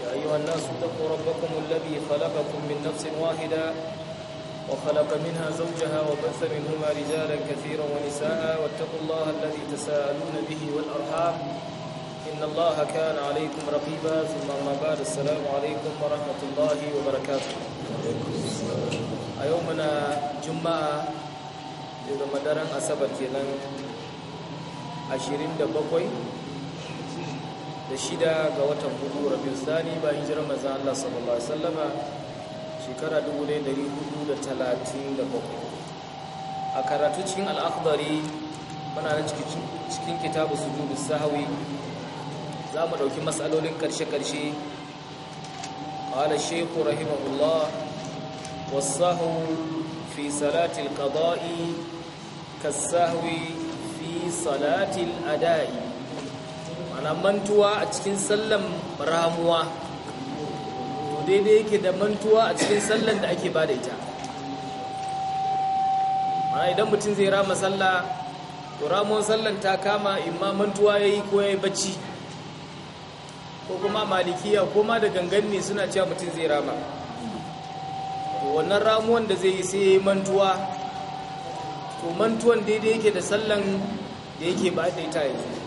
يا أيها الناس اتقوا ربكم الذي خلقكم من نفس واحدة وخلق منها زوجها وبث منهما رجالا كثيرا ونساء واتقوا الله الذي تساءلون به والأرحام إن الله كان عليكم رقيبا ثم أما بعد السلام عليكم ورحمة الله وبركاته يومنا جمعة إذا مدرن أسبت كنا 27 da shida ga watan hudu rabiul thani bayan hijirar manzon Allah sallallahu alaihi wasallama shekara 1437 a karatu cikin al muna da cikin cikin su sujud sahawi. za mu dauki masalolin ƙarshe karshe qala shaykh rahimahullah wasu sahwu fi salati ƙaba'i, ka sahawi fi salati adai ana mantuwa a cikin sallan ramuwa daidai yake da mantuwa a cikin sallan da ake ba da ita mana idan mutum zai rama sallah to ramuwan sallan ta kama imma mantuwa ya yi ko ya yi bacci ko kuma malikiya ko ma da gangan ne suna cewa mutum zai rama wannan ramuwan da zai yi sai ya yi mantuwa to mantuwan daidai yake da sallan da yake ba da ita yanzu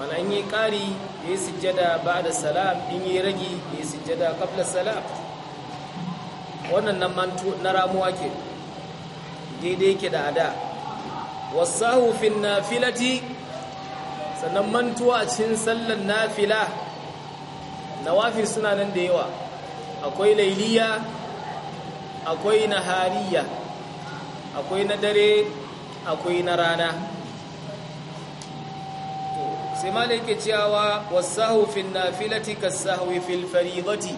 mana in yi ƙari ya yi sujjada ba da salam in yi ragi ya yi sujjada kafla salam wannan nan mantu na ramuwa ke daidai ke da ada wasahu na filati. sannan mantuwa a cikin sallan nafila wafi suna nan da yawa akwai lailiya akwai na hariya, akwai na dare akwai na rana sai ma yake cewa wasahu fin nafilati kasahwi fil faridati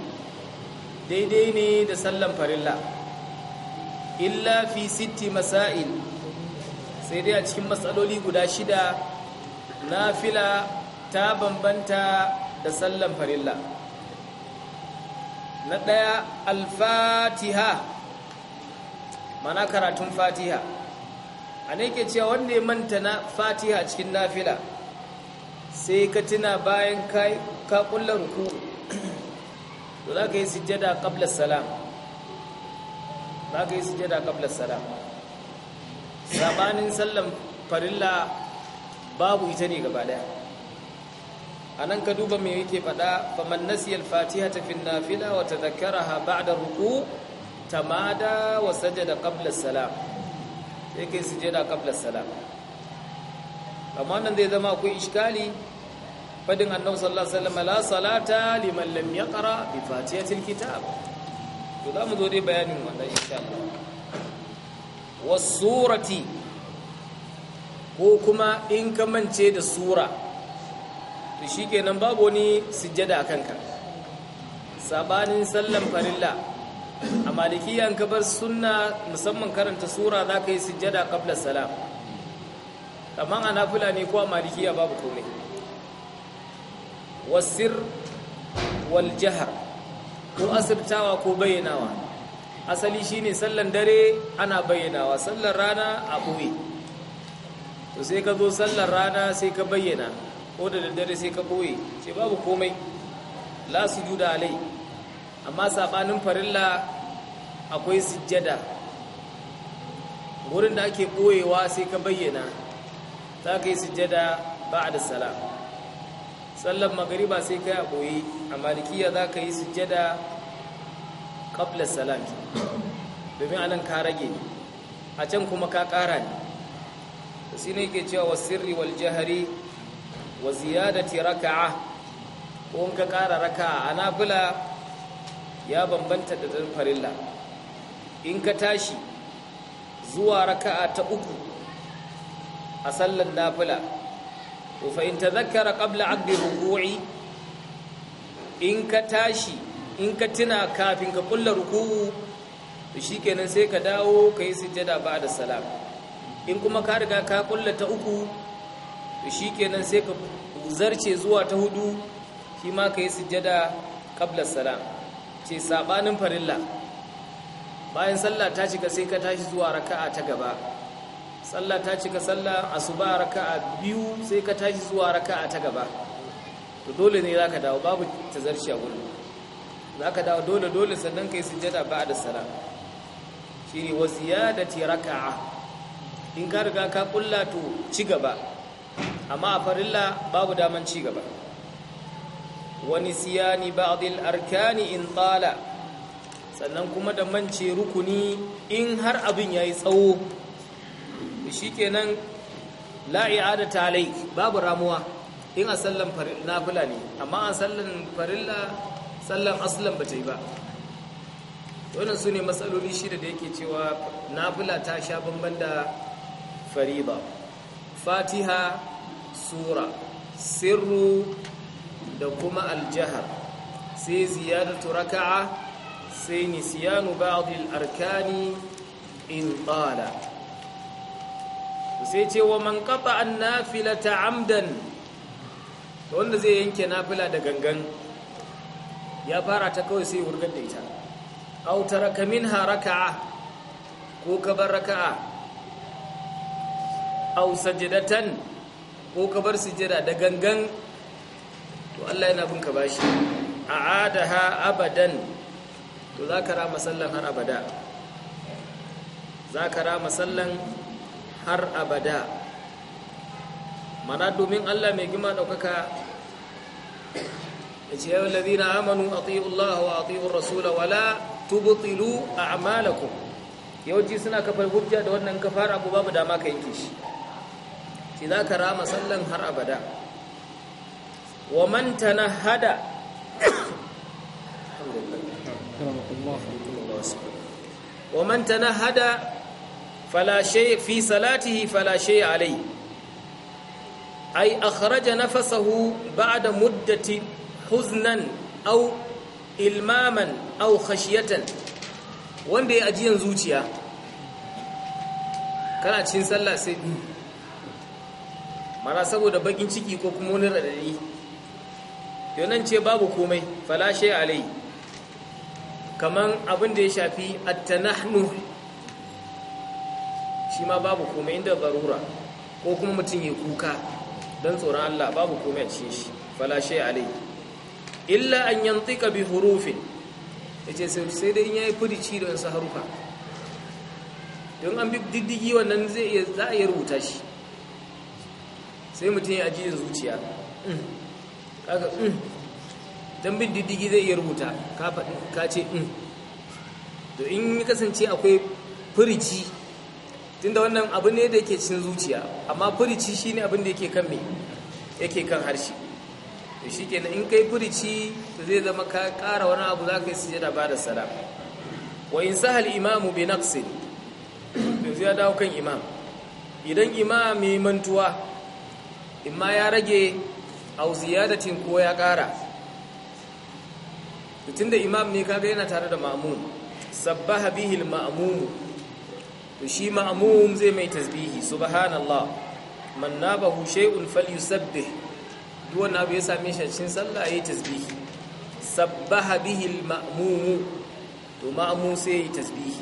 daidai ne da sallan farilla illa fi sitti masail sai dai a cikin matsaloli guda shida nafila ta bambanta da sallan farilla na ɗaya alfatiha mana karatun fatiha a ne ke cewa wanda ya manta na fatiha cikin nafila sai ka tuna bayan ka kulla ruku to za ka yi sujjada kabla salam za ka yi sujjada kabla salam sabanin sallan farilla babu ita ne gaba daya a nan ka duba mai yake faɗa man nasiyar fatiha ta fi nafila wata ba da ruku ta mada wa sajada kabla salam sai ka yi sujjada kabla salam amma nan zai zama akwai iskali fadin annabi sallallahu alaihi wasallam la salata liman lam yaqra bi fatihatil kitab to za mu zo dai bayanin wannan insha Allah was surati ko kuma in ka mance da sura to shikenan babu wani sujjada akan ka sabanin sallan farilla a malikiyan ka bar sunna musamman karanta sura za ka yi sujjada qabla salam amma a nafila ne ko a malikiya babu komai wasir wal jahar ko asirtawa ko bayyanawa asali shine sallan dare ana bayyanawa sallar rana a boye to sai ka zo sallar rana sai ka bayyana ko da daddare sai ka boye ce babu komai la sujuda alai amma sabanin farilla akwai sujjada wurin da ake ɓoyewa sai ka bayyana za ka yi sujjada da salam sallar magariba sai kai a boye a malikiya za ka yi sujjada qabla salam domin anan ka rage a can kuma ka kara ne shi ne ke cewa sirri wal jahari wa ziyadati raka'a ko in ka ƙara raka'a ana bula ya bambanta da farilla in ka tashi zuwa raka'a ta uku a sallar nafila to fa in tadhakkara qabla aqdi ruku'i in ka tashi in ka tuna kafin ka kulla ruku'u to shikenan sai ka dawo kai sujjada ba'da salam in kuma ka riga ka kulla ta uku to shikenan sai ka zarce zuwa ta hudu shi ma kai sujjada qabla salam ce sabanin farilla bayan sallah ta cika sai ka tashi zuwa raka'a ta gaba sallah ta cika sallah asuba raka'a biyu sai ka tashi zuwa raka'a ta gaba to dole ne zaka dawo babu tazarci a gurin zaka dawo dole dole sannan kai sujjada ba'da salam shine wa raka'a in ka riga ka kulla to ci gaba amma a farilla babu daman ci gaba wa nisyani ba'd arkani in tsala. sannan kuma da mance rukuni in har abin yayi tsawo shikenan la i'adata alayk babu ramuwa in a sallan nafila ne amma a sallan farilla sallan aslan bata yi ba wannan su ne matsaloli shida da yake cewa nafila ta sha bamban da fariba fatiha sura sirru da kuma aljahar sai ziyadatu raka'a sai nisyanu ba'd al-arkani in qala sai ce wa man qata an nafilata amdan wanda zai yanke nafila da gangan ya fara ta kawai sai wurgar da ita aw taraka minha raka'a ko kabar raka'a aw sajdatan ko kabar sujada da gangan to Allah yana bin ka bashi a'adaha abadan to ka rama sallan har abada ka rama sallan har abada mana domin Allah mai gima ɗaukaka ya ce yau lalzina amanu a Allah wa a tsi'un rasula wala tubutilu a Amalaku. yawanci suna kafar hujja da wannan kafar abu babu dama ka yanke shi ce za ka rama sallan har abada wa man hada wa man hada fala shay fi salatihi fala shay alai ay akhraja nafasahu ba'da muddati huznan aw ilmaman aw khashyatan wanda ya ajiyan zuciya kana cin sallah sai mara saboda bakin ciki ko kuma wani radadi yonan ce babu komai fala shay alai kaman abin da ya shafi at-tanahnu shi ma babu komai inda zarura ko kuma mutum ya kuka don tsoron Allah babu komai a cikin shi falashe alai illa an yantika bi hurufin yace sai dai in yayi fudici da wasu Haruka. don an bi diddigi wannan zai iya za a yi rubuta shi sai mutum ya ajiye zuciya kaga mm. don bin diddigi zai iya rubuta ka ce in mm. to in kasance akwai furici tunda wannan abu ne da yake cin zuciya amma furici shine abin da yake kan me yake kan harshe to shikenan in kai furici to zai zama ka ƙara wani abu za ka yi sujada ba da salam wa in sahal imamu bi naqsin to zai dawo kan imam idan imam mai mantuwa imma ya rage au ziyadatin ko ya ƙara tunda imam ne kaga yana tare da ma'mun sabbaha bihi al-ma'mum to shi ma'mum zai mai tasbihi subhanallah man nabahu shay'un falyusabbih duk wanda abu ya same shi cikin sallah yayi tasbihi sabbaha bihi al-ma'mum to ma'mum sai yayi tasbihi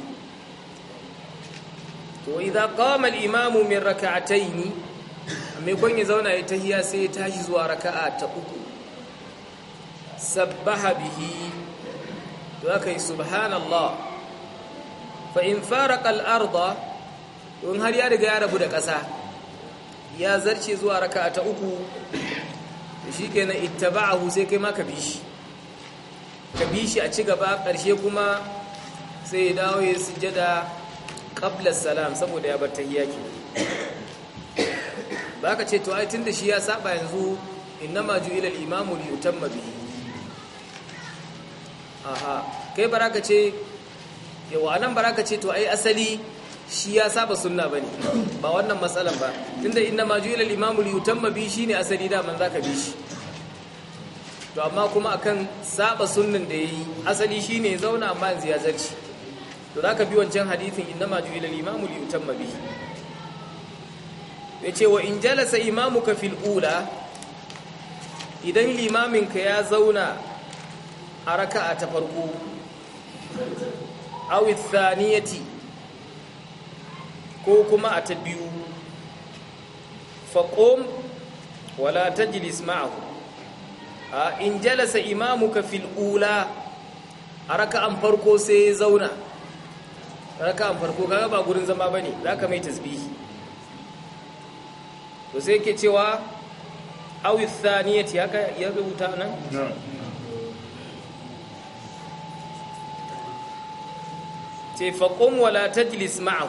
to idza qama al-imam min rak'atayn mai kun ya zauna ya tahiya sai ya tashi zuwa raka'a ta uku sabbaha bihi to akai subhanallah fa in faraqal arda in har ya riga ya rabu da ƙasa ya zarce zuwa raka'a ta uku shikenan ittaba'ahu sai kai ma ka bi shi ka bi shi a ci gaba ƙarshe kuma sai ya dawo ya sujjada qabla salam saboda ya bar tahiyya ke baka ce to ai tunda shi ya saba yanzu innama ju'ila al-imamu li yutamma bihi aha kai baraka ce yawa anan ba ka ce to ai asali shi ya saba sunna ba ba wannan matsalan ba tunda inna ma ju'ila al-imamu li yutamma bi shine asali da man ka bi shi to amma kuma akan saba sunnan da ya yi, asali shi ne zauna amma yanzu ya zarci to za ka bi wancan hadithin inna ma ju'ila al-imamu li yutamma bi wa in jalasa imamuka fil ula idan limaminka ya zauna a raka'a ta farko awit ko kuma a ta biyu faƙom wala ta jilis ma'ahu a in jalasa imamuka fil ula a raka'an farko sai ya zauna raka'an farko kaga ba gurin zama ba ne za ka mai tasbihi to sai ke cewa awit thaniyati haka ya rubuta nan? ce faƙon wala ta jilis ma'ahu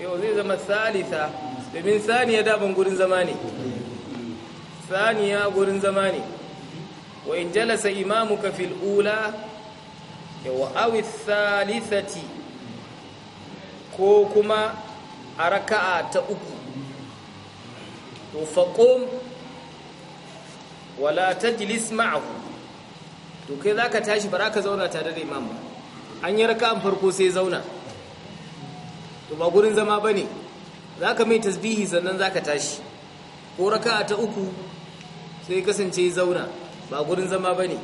yau zai zama salisa domin saniya daban gurin zama ne saniya gurin zama ne wa in jalasa imamuka fil ula yau awi salisati ko kuma a raka'a ta uku to faƙon wala ta jilis ma'ahu to kai za ka tashi ba za ka zauna tare da imam ba an yi raka'an farko sai zauna to ba gurin zama ba ne za ka mai tasbihi sannan za ka tashi ko raka'a ta uku sai kasance zauna ba gurin zama ba ne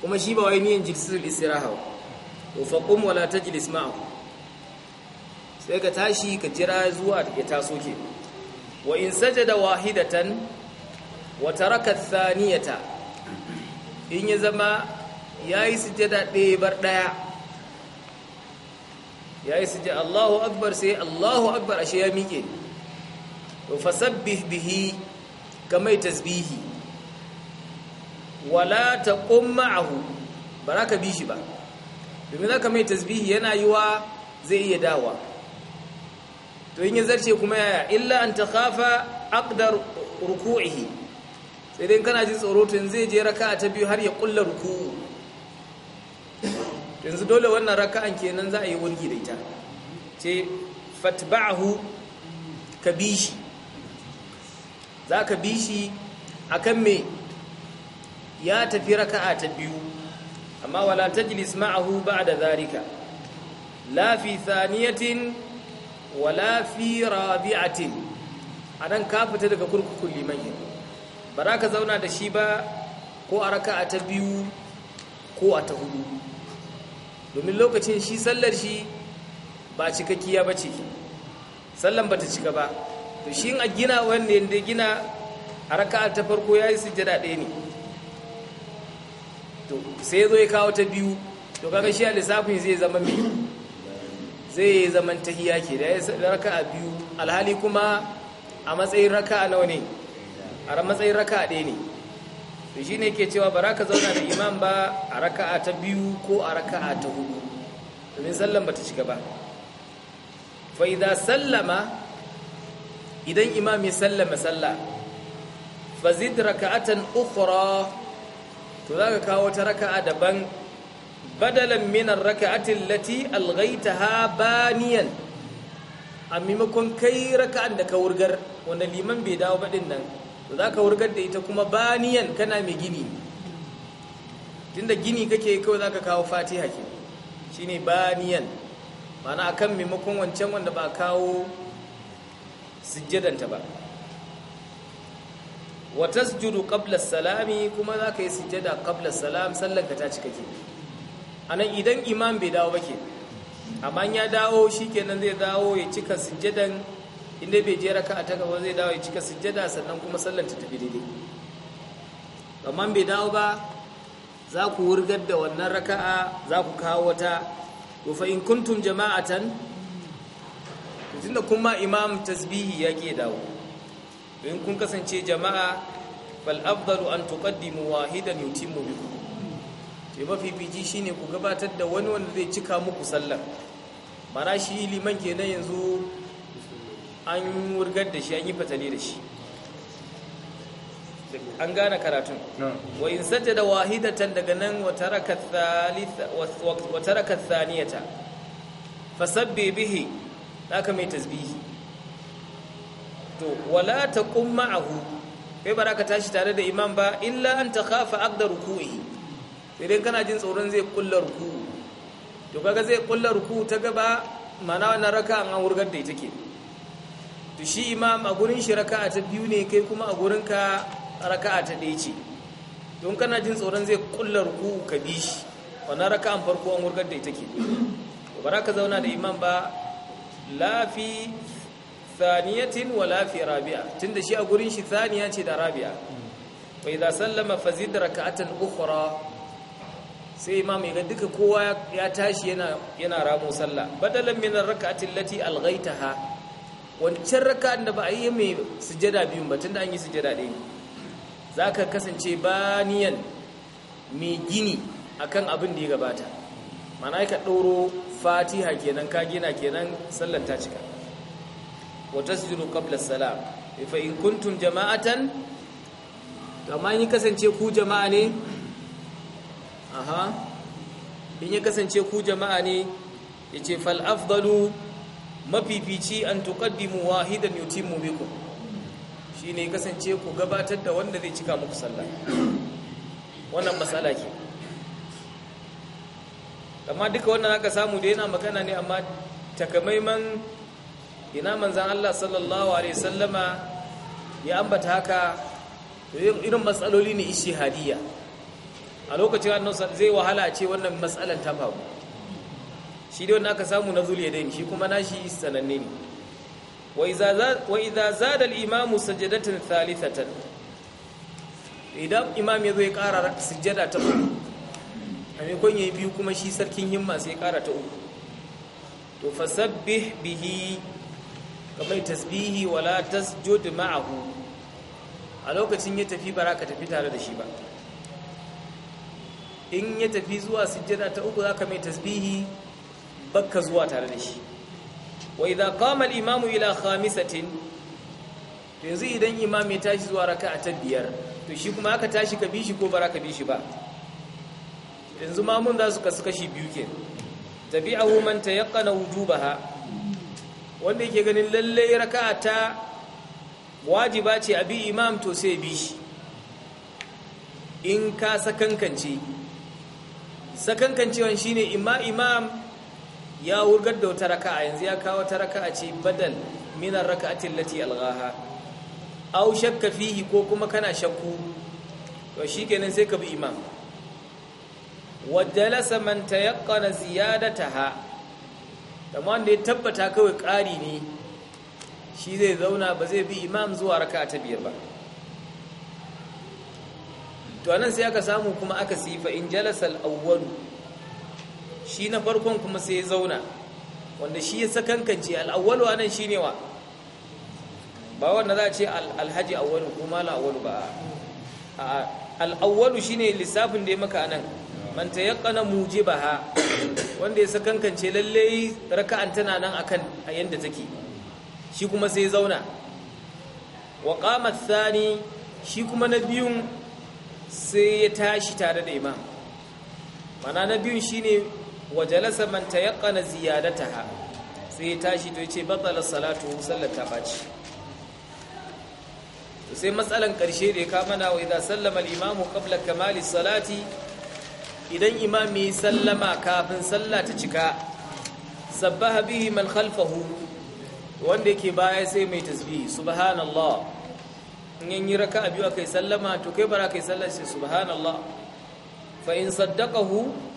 kuma shi ba wai niyan jilsul istiraha wa faƙon wala ta tajlis ma'ahu sai ka tashi ka jira zuwa ya taso ke wa in da wahidatan wa taraka thaniyata in ya zama ya yi sujjada ɗaya bar ɗaya ya yi sujjada Allahu akbar sai Allahu akbar ashe ya miƙe to fasabbih bihi kamai tasbihi wala ta Ba ma'ahu ka bi shi ba domin ka mai tasbihi yana yiwa zai iya dawa to in ya zarce kuma yaya illa an kafa akdar ruku'ihi sai dai kana ji tsoro to zai je raka'a ta biyu har ya kulla ruku'u yanzu dole wannan raka'an kenan za a yi wurgi da ita ce fatba'ahu ka bi shi za ka bi shi akan me ya tafi raka'a ta biyu amma wala tajlis ma'ahu ba'da da la fi thaniyatin wala fi rabi'atin anan ka fita daga kurkukun liman ba za ka zauna da shi ba ko a raka'a ta biyu ko a ta hudu domin lokacin shi sallar shi ba cikakkiya ba ce sallan ba ta cika ba to shi a gina wanne da gina a raka'a ta farko ya yi sujjada ɗaya ne to sai zo ya kawo ta biyu to kaga shi a lissafin zai zama mai zai zaman tahiya ke da ya raka'a biyu alhali kuma a matsayin raka'a nawa ne a matsayin raka'a ɗaya ne to shine yake cewa ba ka zauna da imam ba a raka'a ta biyu ko a raka'a ta hudu domin sallan bata shiga ba fa idza sallama idan imam ya sallama salla fa zid raka'atan ukhra to zaka kawo ta raka'a daban badalan min ar-raka'ati allati alghaytaha baniyan a maimakon kai raka'an da ka wurgar wanda liman bai dawo ba nan to za ka wurgar da ita kuma baniyan kana mai gini tunda gini kake kawai za ka kawo fatiha ke shi ne baniyan mana akan maimakon wancan wanda ba kawo sujjadanta ba wa tasjudu qabla salami kuma za ka yi sujjada qabla salam sallan ta cika ke anan idan imam bai dawo ba ke amma ya dawo shi kenan zai dawo ya cika sujjadan inda bai je raka ta gaba zai dawo ya cika sujjada sannan kuma sallar ta tafi daidai amma bai dawo ba za ku wurgar da wannan raka'a za ku kawo wata wa in kuntum jama'atan tunda kuma imam tasbihi ya ke dawo in kun kasance jama'a fal afdalu an tuqaddimu wahidan yutimmu bikum sai mafifici shine ku gabatar da wani wanda zai cika muku sallar mara shi liman kenan yanzu an wurgar da shi an yi fatali da shi an gane karatun wa in da wahidatan daga nan wa taraka thalitha wa taraka thaniyata fasabbi bihi haka mai tasbihi to wala taqum ma'ahu kai baraka tashi tare da imam ba illa an takhafa aqda ruku'i sai dai kana jin tsoron zai kulla ruku to kaga zai kulla ruku ta gaba mana wannan raka an wurgar da ita ke to shi imam a gurin shi raka'a ta biyu ne kai kuma a gurin ka raka'a ta ɗaya ce don kana jin tsoron zai kulla ruku ka bi shi wannan raka'an farko an wurgar da ita ke ba za ka zauna da imam ba lafi thaniyatin wa lafi rabi'a tunda shi a gurin shi thaniya ce da rabi'a bai idza sallama fazid raka'atan ukhra sai imam ya duka kowa ya tashi yana yana ramo sallah badalan min raka'atin lati alghaitaha wancan raka da ba a yi mai sujada biyun ba tunda an yi sujada ɗaya za ka kasance baniyan mai gini a kan abin da ya gabata mana ka ɗoro fatiha kenan ka gina kenan sallan ta cika Wata su jiro, kablar salam fa in kuntun jama'atan amma in kasance ku jama'a ne aha in yi kasance ku jama'a ne yace fal fal'afdalu mafifici an tuqaddimu wahidan yutimmu bikum shine kasance ku gabatar da wanda zai cika muku sallah wannan matsala ke amma duka wannan aka samu da yana magana ne amma takamaiman ina manzan Allah sallallahu alaihi sallama ya ambata haka irin matsaloli ne ishihadiyya a lokacin annabi zai wahala a ce wannan matsalan ta faru shi dai wannan aka samu na zuliyadain shi kuma nashi sananne ne wa idza zada al-imamu sajdatan thalithatan idan imam yazo ya kara sujjada ta uku a kun yayi biyu kuma shi sarkin himma sai ya kara ta uku to fasabbih bihi kamar tasbihi wala tasjud ma'ahu a lokacin ya tafi baraka tafi tare da shi ba in ya tafi zuwa sujjada ta uku zaka mai tasbihi bakka zuwa tare da shi wa idza qama al-imamu ila khamisatin yanzu idan imam ya tashi zuwa raka'a ta biyar to shi kuma aka tashi ka bi ko bara ka bi ba yanzu mamun za su kasu kashi biyu ke tabi'ahu man tayaqqana wujubaha wanda yake ganin lalle raka'a ta wajiba ce a bi imam to sai bi in ka sakankance sakankancewan shine ima imam ya wurgar da wata raka'a yanzu ya kawo wata raka'a ce badal minar ar-raka'ati allati alghaha aw shakka fihi ko kuma kana shakku to shikenan sai ka bi imam wajalasa man tayaqqana ziyadataha amma da ya tabbata kawai ƙari ne shi zai zauna ba zai bi imam zuwa raka'a ta biyar ba to anan sai aka samu kuma aka sifa in jalasa al-awwalu shi na farkon kuma sai ya zauna wanda shi ya sakankance al'awwalu anan ne wa ba wanda za a ce alhaji awwalu ko mala awwalu ba a shi ne lissafin da ya maka anan man ba ha wanda ya sakankance lalle raka'an tana nan akan a yanda take shi kuma sai ya zauna wa qama thani shi kuma na biyun sai ya tashi tare da imam mana na biyun shine wa jalasa man tayaqqana ziyadataha sai ya tashi to yace batala salatu sallar ta baci sai matsalan karshe da ya kama na wa idan sallama al-imamu qabla kamali salati idan imami sallama kafin sallah ta cika sabbaha bihi man khalfahu wanda yake baya sai mai tasbihi subhanallah in yi raka'a biyu akai sallama to kai bara kai sallar sai subhanallah fa in saddaqahu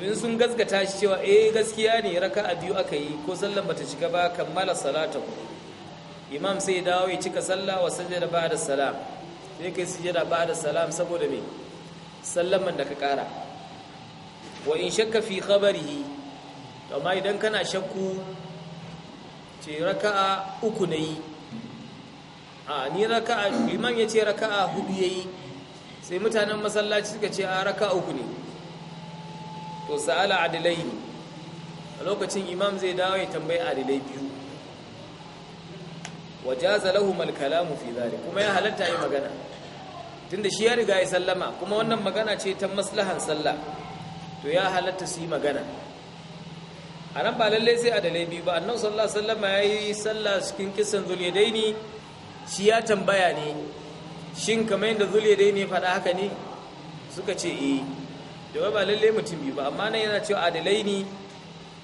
to in sun gaskata shi cewa eh gaskiya ne a biyu aka yi ko sallan bata shiga ba kammala salata ku imam sai ya dawo ya cika sallah wa sajada ba'da salam sai kai sujada ba'da salam saboda me man da ka kara wa in shakka fi khabarihi amma idan kana shakku ce raka'a uku yi a ni raka'a imam ya ce raka'a hudu yayi sai mutanen masallaci suka ce a raka'a uku ne to sa'ala adilai a lokacin imam zai dawo ya tambayi adilai biyu wajaza lahum al-kalamu fi dhalik kuma ya halatta yi magana tunda shi ya riga ya sallama kuma wannan magana ce ta maslahan sallah to ya halatta su yi magana a nan ba lalle sai adalai biyu ba annabi sallallahu alaihi wasallam ya yi sallah cikin kissan zulyadaini shi ya tambaya ne shin kamar yadda zulyadaini faɗa haka ne suka ce eh domin ba lalle mutum biyu ba amma nan yana cewa adalai ne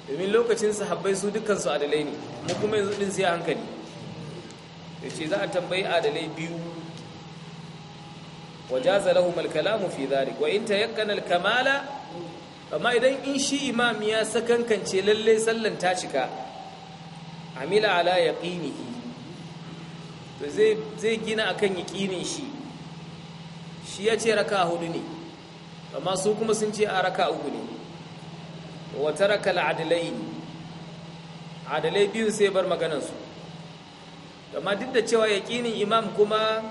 domin lokacin sahabbai su dukansu adalai ne mu kuma yanzu din sai hankali ya ce za a tambayi adalai biyu jaza lahu mal kalamu fi dhalik wa inta al-kamala amma idan in shi imam ya sakankance lallai sallan ta cika amila ala yaqinihi to zai zai gina akan yaqinin shi shi ya ce raka hudu ne amma su kuma sun ce a raka uku ne raka la'adalai al'adalai adalai biyu sai bar maganansu amma duk da cewa yaƙinin imam kuma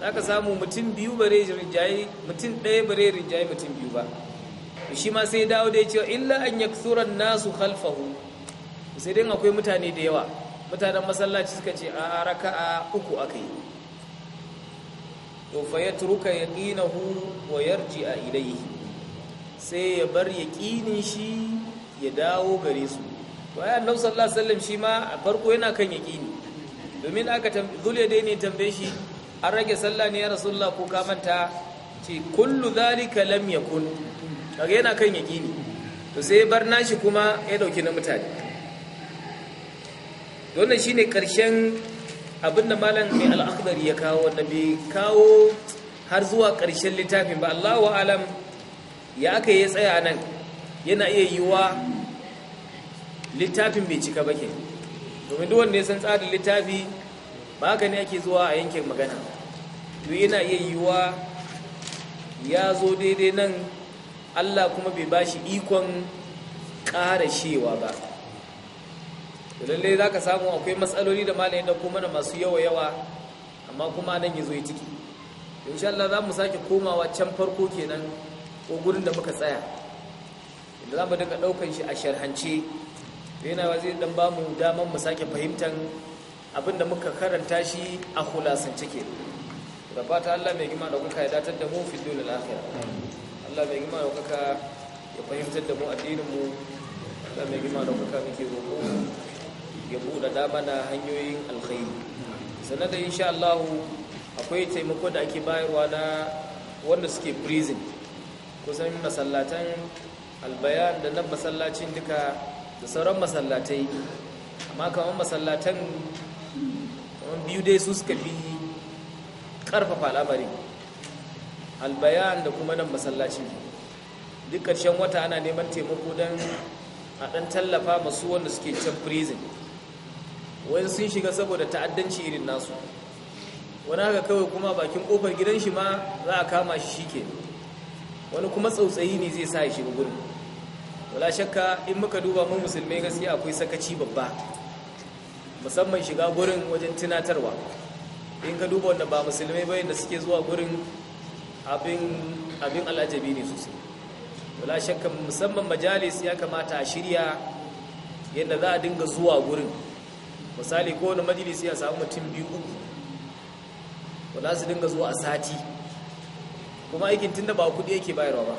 za ka samu mutum biyu bare rinjaye mutum ɗaya bare rinjaye mutum biyu ba shi ma sai dawo da ya cewa illa an tsoron nasu halfahu sai dai akwai mutane da yawa mutanen masallaci suka ce a raka uku aka yi to fa yatruka yaqinahu wa yarji'a ilayhi sai ya bar yaqinin shi ya dawo gare su to ai annabi sallallahu alaihi wasallam shi ma a farko yana kan yaqini domin aka zulya dai ne tambaye shi an rage sallah ne ya rasulullah ko ka manta ce kullu zalika lam yakun kaga yana kan yaqini to sai bar nashi kuma ya dauki na mutane wannan shine karshen abinda malam mai al'akhdari ya kawo wanda bai kawo har zuwa ƙarshen littafin ba Allahu alam ya aka yi tsaya nan yana iya yiwa littafin bai cika bake ke domin duk wanda ya san tsarin littafi ba haka ne ake zuwa a yankin magana to yana iya yiwa ya zo daidai nan Allah kuma bai bashi ikon ƙara shewa ba lalle za ka samu akwai matsaloli da malayin da kuma da masu yawa yawa amma kuma nan ya zo ya ciki insha Allah za mu sake komawa can farko kenan ko gurin da muka tsaya inda za mu daga ɗaukan shi a sharhance yana wa zai dan bamu damar mu sake fahimtar abin da muka karanta shi a hulasance ke da fata Allah mai gima da kuka ya datar da mu fiddo da lafiya Allah mai gima da kuka ya fahimtar da mu addinin mu Allah mai gima da kuka muke roƙo ya buɗaɗa mana hanyoyin alkhairi sanadai insha Allah akwai taimako da ake bayarwa na wanda suke prison kusan masallatan albayan da nan masallacin duka da sauran masallatai amma kamar masallatan biyu dai su suka fi karfafa labarin albayan da kuma nan masallacin duk ƙarshen wata ana neman taimako don a ɗan tallafa masu wanda suke can prison wani sun shiga saboda ta'addanci irin nasu wani haka kawai kuma bakin kofar gidan shi ma za a kama shi shike wani kuma tsautsayi ne zai sa shi gurin wala shakka in muka duba mu musulmai gaskiya akwai sakaci babba musamman shiga gurin wajen tunatarwa in ka duba wanda ba musulmai bayan da suke zuwa gurin abin al'ajabi ne sosai wala shakka musamman majalis ya kamata a shirya yadda za a dinga zuwa gurin misali ko wani majalisi ya samu mutum biyu uku ko za su dinga zuwa a sati kuma aikin tunda ba kuɗi yake bayarwa ba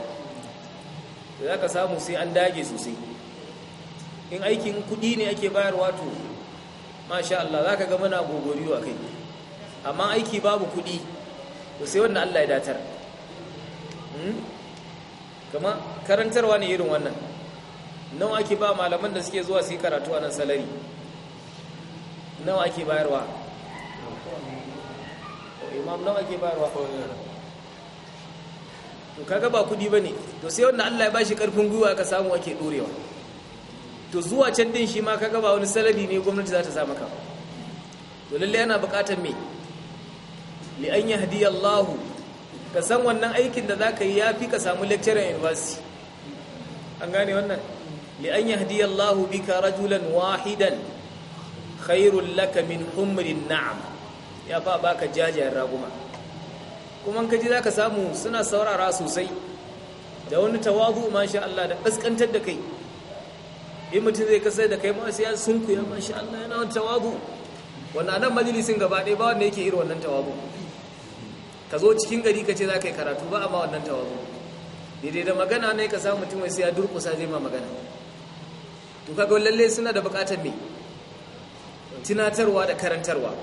da za ka samu sai an dage sosai in aikin kuɗi ne ake bayarwa to masha Allah za ka ga muna gogori a kai amma aiki babu kuɗi to sai wannan Allah ya datar hmm? kama karantarwa ne irin wannan nan ake ba malaman da suke zuwa su yi karatu a nan salari nawa ake bayarwa imam nawa ake bayarwa to kaga ba kudi bane to sai wanda Allah ya bashi karfin gwiwa ka samu ake dorewa to zuwa can din shi ma kaga ba wani salabi ne gwamnati za ta sa maka to lalle yana bukatar me li an yahdi Allah ka san wannan aikin da zaka yi yafi ka samu lecturer university an gane wannan li an yahdi Allah bika rajulan wahidan khairul laka min humrin na'am ya ba baka jajayen raguma kuma kaji zaka samu suna saurara sosai da wani tawazu masha Allah da kaskantar da kai in mutum zai kasar da kai ma sai ya sunkuya masha Allah yana wani tawazu wannan nan majalisin gaba ɗaya ba wanda yake irin wannan tawazu ka zo cikin gari ka ce za ka yi karatu ba amma wannan tawazu daidai da magana ne ka samu mutum sai ya durƙusa zai ma magana to kaga lalle suna da buƙatar me tunatarwa da karantarwa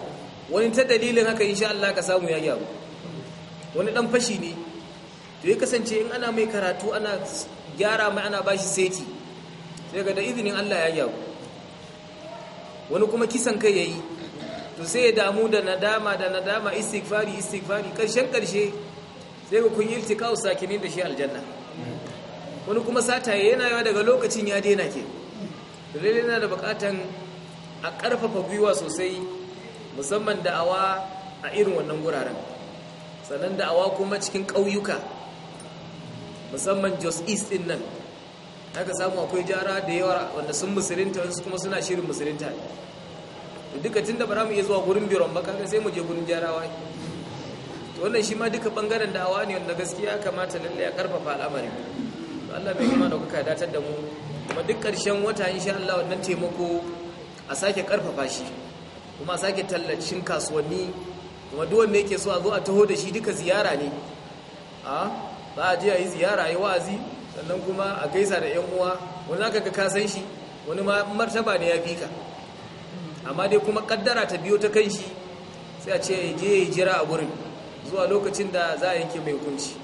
wani ta dalilin haka sha Allah ka samu ya gyaru wani dan fashi ne to ya kasance in ana mai karatu ana gyara mai ana bashi seti sai ga da izinin Allah ya gyaru wani kuma kisan kai yayi to sai ya damu da nadama da nadama istighfari istighfari karshen karshe sai ga kun yi iltiqa'u sakinin da shi aljanna wani kuma sata yana yawa daga lokacin ya daina ke dalilin yana da bukatan a ƙarfafa gwiwa sosai musamman da'awa a irin wannan guraren sannan da'awa kuma cikin ƙauyuka musamman jos east din nan haka samu akwai jara da yawa wanda sun musulinta wasu kuma suna shirin musulinta. duka tun da ba mu iya zuwa gurin biron ba kaga sai mu je gurin jarawa wannan shi ma duka bangaren da'awa ne wanda gaskiya kamata lalle ya karfafa al'amari Allah bai kuma da kuka datar da mu kuma duk ƙarshen wata insha Allah wannan taimako a sake karfafa shi kuma a sake tallacin kasuwanni kuma duk wanda yake so a zo a taho da shi duka ziyara ne a ba a je a yi ziyara a yi wa'azi sannan kuma a gaisa da 'yan uwa wani za ka ka san shi wani ma martaba ne ya fi ka amma dai kuma kaddara ta biyo ta kan shi sai a ce ya je ya jira a gurin zuwa lokacin da za a yanke mai hukunci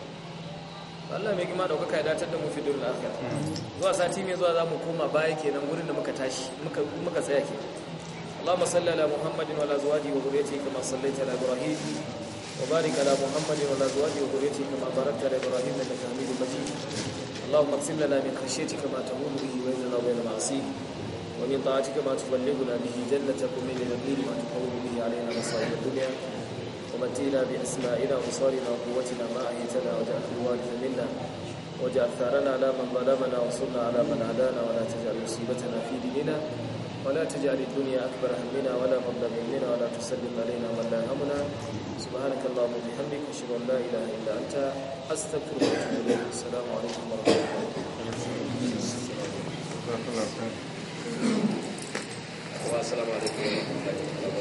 Allah mai gima daukaka ya datar da mu fidul akhir zuwa sati mai zuwa zamu koma baya kenan gurin da muka tashi muka muka tsaya ke Allahumma salli ala Muhammadin wa ala zawaji wa dhurriyyatihi kama sallaita ala Ibrahim wa barik ala Muhammadin wa ala zawaji wa dhurriyyatihi kama barakta ala Ibrahim innaka Hamidum Majid Allahumma qsim lana min khashyatika kama tahulu bihi wa lana min ma'asik ومن طاعتك bihi تبلغنا min al ومن wa ما bihi alayna علينا مصائب dunya ومتينا بأسمائنا وصالنا وقوتنا ما أهيتنا وجعل الوارث منا وجعل ثارنا على من ظلمنا وانصرنا على من عدانا ولا تجعل مصيبتنا في ديننا ولا تجعل الدنيا أكبر همنا ولا مبلغ منا ولا تسلم علينا من لا همنا سبحانك اللهم وبحمدك أشهد أن لا إله إلا أنت أستغفرك وأتوب إليك السلام عليكم ورحمة الله وبركاته. السلام عليكم ورحمة الله